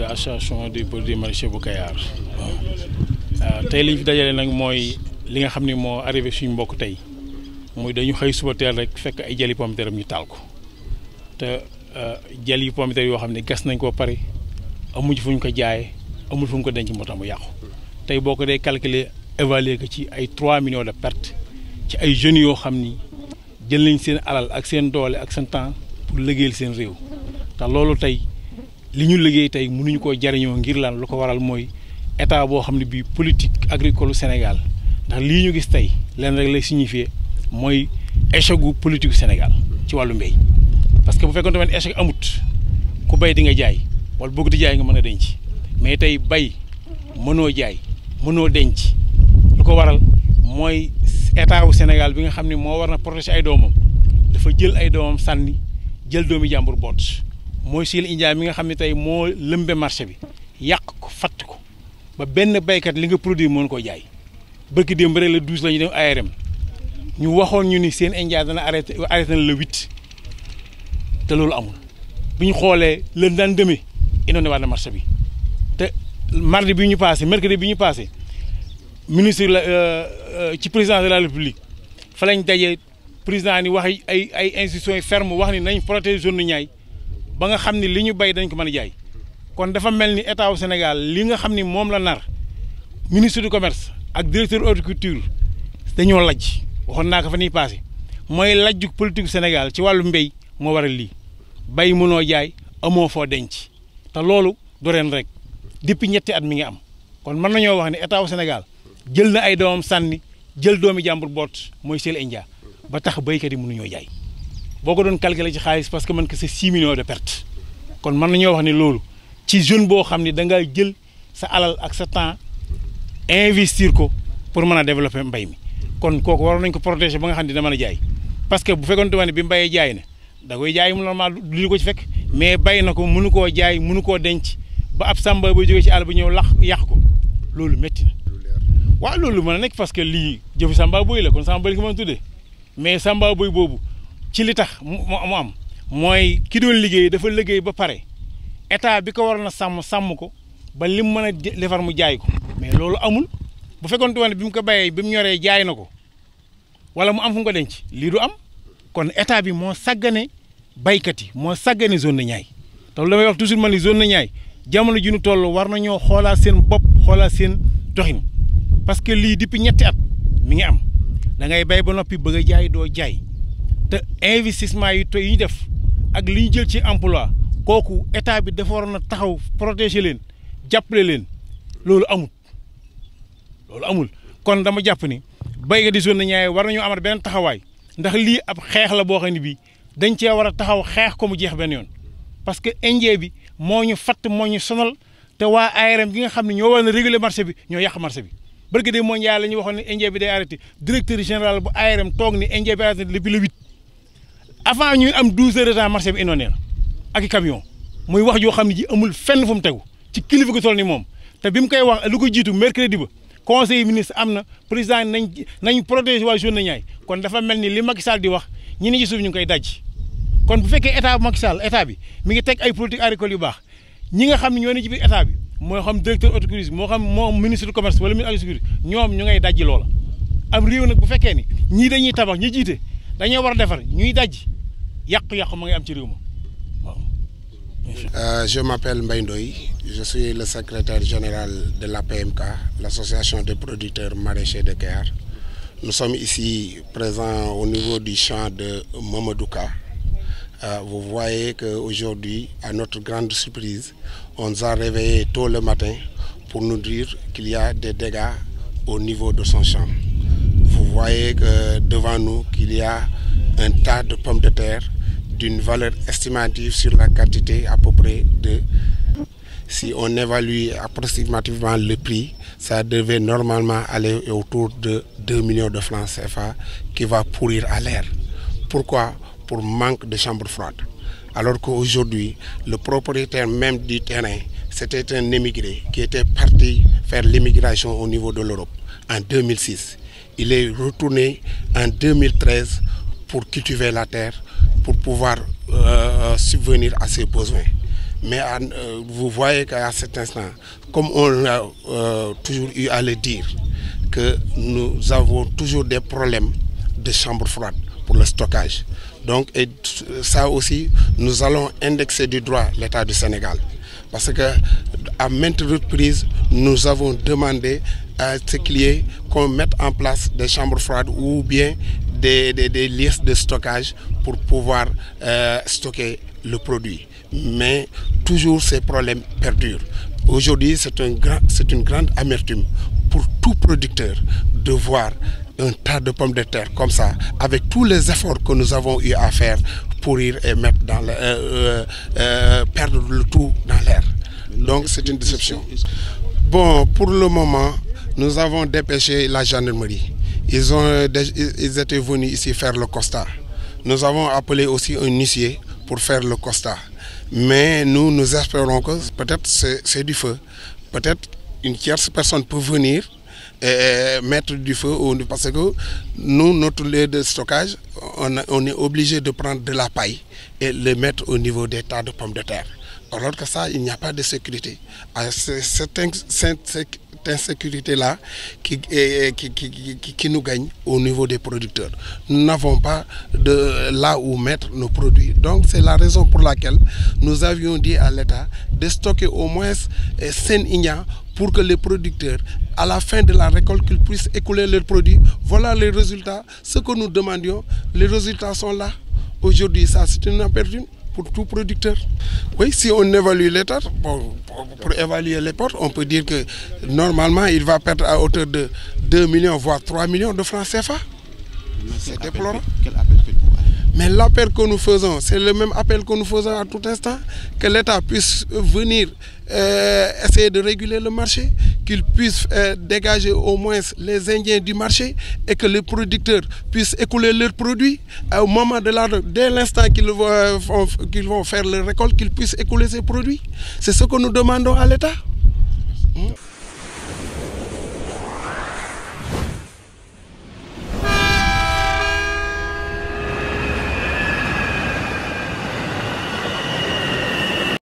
de association des produits maraîchers bu Kayar waaw euh, tey liñ ñu fi dajale nag mooy li nga xam ni moo arrivé suñu mbokk tey muy dañu xëy suba teel rek fekk ay jali pomme de ñu taal ko te euh, jali pomme de terre yoo xam ne gas nañ ko pare amuñ fu ñu ko jaaye amul fu ñu ko denc moo mu yàqu tey boo ko dee calculer évaluer ko ci ay trois millions de perte ci ay jeunes yoo xam ni jël nañ seen alal ak seen doole ak seen temps pour liggéeyal seen réew te loolu tey. li ñu liggéey tey mënuñu ko jariñoo ngir lan lu ko waral mooy état boo xam ne bii politique agricole Sénégal ndax lii ñu gis tey lenn rek lay signifier mooy échec gu Sénégal ci wàllu mbéy parce que bu fekkoon tamit échec amut ku bay di nga jaay wala bëgg di jaay nga mën a denc mais tey bay mënoo jaay mënoo denc lu ko waral mooy état wu Sénégal bi nga xam ne moo war na protéger ay doomam dafa jël ay doomam sànni jël doomi jàmbur boot mooy Sylla India mi nga xam ne tey moo lëmbe marché bi yàq ko fatt ko ba benn baykat li nga produit mën koo jaay bëgg démb rek le douze la ñu dem ARM ñu waxoon ñu ni seen India dana arrêté arrêté na le huit te loolu amul bi ñu xoolee lën daan demee indoon na waat na marché bi te mardi bi ñu passé mercredi bi ñu passé ministre la euh, euh, ci président de la république fa lañ dajee président ni wax ay ay institutions yi ferme wax ni nañ protéger zone ñaay ba nga xam ni li ñu bay dañ ko mën a jaay kon dafa mel ni état wu Sénégal li nga xam ni moom la nar ministre du commerce ak directeur horticulture dañoo lajj waxoon naa ko fa ni passé mooy lajjuk politique Sénégal ci wàllu mbéy moo war a lii bay mënoo jaay amoo foo denc te loolu du rek depuis ñetti at mi ngi am kon mën nañoo wax ne état wu Sénégal jël na ay doomam sànni jël doomi jàmbur boot mooy Sel India ba tax béykat yi mënuñoo jaay. boo ko doon calculer ci xaalis parce que man que c'est 6 millions de pertes kon mën nañoo wax ne loolu ci jeune boo xam ne da nga jël sa alal ak sa temps investir ko pour mën a développer mbay mi kon kooku waroon nañ ko protéger ba nga xam ne dina mën a jaay parce que bu fekkoon ne bi mbayee jaay na da koy jaay mu normal du ko ci fekk mais bay na ko munu koo jaay munu koo denc ba ab sàmba ba jógee ci àll ba ñëw lax yàq ko loolu métti na waaw loolu mën a nekk parce que lii jëfu sàmba boy la kon sàmba boy ko mën a tuddee mais sàmba boy boobu ci li tax mu am mooy ki doon liggéey dafa liggéey ba pare état bi ko waroon na sàmm sàmm ko ba lim mën a defar mu jaay ko mais loolu amul bu fekkoon ne bi mu ko bayee bi mu ñoree jaay na ko wala mu am fu mu ko lii du am kon état bi moo sàggane baykat yi moo sàggane zone de Niayes te lu wax toujours man ni zone de Niayes jamono ji ñu toll war na nañoo xoolaat seen bopp xoolaat seen doxin parce que lii depuis ñetti at mi ngi am da ngay bay ba noppi bëgg a jaay doo jaay. te investissement yi tey yi ñu def ak li ñu jël ci emploi kooku état bi dafa waroon a taxaw protéger leen jàppale leen loolu amul loolu amul kon dama jàpp ni béykat yi zone Niayes war nañoo amat benn taxawaay ndax lii ab xeex la boo xam ne bii dañ cee war a taxaw xeex ko mu jeex benn yoon parce que indien bi moo ñu fatt moo ñu sonal te waa ARM gi nga xam ni ñoo war a réguler marché bi ñoo yàq marché bi bërgë de moo njaay la waxoon ne indien bi day arrêté directeur général bu ARM toog ni indien bi arrêté avant ñuy am 12 heures de temps marché bi inondé ak i camion muy wax joo xam ne ji amul fenn fu mu tegu ci kilifa gu toll ni moom te bi mu koy wax lu ko jiitu mercredi ba conseil ministre am na président nañ nañ protéger waa journée ñaay kon dafa mel ni li Macky Sall di wax ñi ni ci suuf ñu ngi koy daj kon bu fekkee état Macky Sall état bi mi ngi teg ay politique agricole yu baax ñi nga xam ne ñoo ne ci biir bi moo xam directeur autocrise moo xam moo ministre du commerce wala ministre agriculture ngay dajji loola am réew nag bu fekkee ni ñii dañuy tabax ñu jiite dañoo war a defar ñuy dajji yàqu-yàqu ma ngi am ci réew mi euh, je m'appelle Mbaye Ndoye je suis le secrétaire général de la l'APMK l'association des producteurs maraîchers de Kayar nous sommes ici présents au niveau du champ de Mamadouka euh, vous voyez que aujourd'hui à notre grande surprise on nous a le matin pour nous dire qu'il y a des dégâts au niveau de son champ vous voyez que devant nous qu'il y a un tas de pommes de terre d'une valeur estimative sur la quantité à peu près de si on évalue approximativement le prix, ça devait normalement aller autour de deux millions de francs fa qui va pourrir à l'air. Pourquoi Pour manque de chambre froide. Alors qu'aujourd'hui, le propriétaire même du terrain, c'était un émigré qui était parti faire l'immigration au niveau de l'Europe en 2006. Il est retourné en 2013 pour cultiver la terre, pour pouvoir euh, subvenir à ses besoins. Mais à, euh, vous voyez qu'à cet instant, comme on a euh, toujours eu à le dire, que nous avons toujours des problèmes de chambre froide pour le stockage. Donc, et ça aussi, nous allons indexer du droit l'État du Sénégal. Parce que à maintes reprises, nous avons demandé à ce qu'il qu'on mette en place des chambres froides ou bien des, des, des lieux de stockage pour pouvoir euh, stocker le produit. Mais toujours ces problèmes perdurent. Aujourd'hui, c'est un grand, une grande amertume pour tout producteur de voir un tas de pommes de terre comme ça, avec tous les efforts que nous avons eu à faire pourrir et mettre dans le, euh, euh, euh le tout dans l'air. Donc c'est une déception. Bon, pour le moment, nous avons dépêché la gendarmerie. Ils, ont, euh, ils étaient venus ici faire le constat. Nous avons appelé aussi un huissier pour faire le constat. Mais nous, nous espérons peut-être c'est du feu. Peut-être une tierce personne peut venir et mettre du feu parce que nous, notre lieu de stockage, on, a, on est obligé de prendre de la paille et le mettre au niveau des tas de pommes de terre. Alors que ça, il n'y a pas de sécurité. Alors, certains, certains cette insécurité-là qui, qui, qui, qui, nous gagne au niveau des producteurs. Nous n'avons pas de là où mettre nos produits. Donc c'est la raison pour laquelle nous avions dit à l'État de stocker au moins 5 eh, ignas pour que les producteurs, à la fin de la récolte, qu'ils puissent écouler leurs produit Voilà les résultats. Ce que nous demandions, les résultats sont là. Aujourd'hui, ça, c'est une aperture. pour tout producteur. Oui, si on évalue les pertes, bon, pour, pour, évaluer les pertes, on peut dire que normalement, il va perdre à hauteur de 2 millions, voire 3 millions de francs CFA. C'est déplorant. Quel appel mais l'appel que nous faisons, c'est le même appel que nous faisons à tout instant, que l'État puisse venir Euh, essayer de réguler le marché, qu'ils puissent euh, dégager au moins les Indiens du marché et que les producteurs puissent écouler leurs produits au moment de la dès l'instant qu'ils vont, euh, qu'ils vont faire leur récolte, qu'ils puissent écouler ces produits. C'est ce que nous demandons à l'État.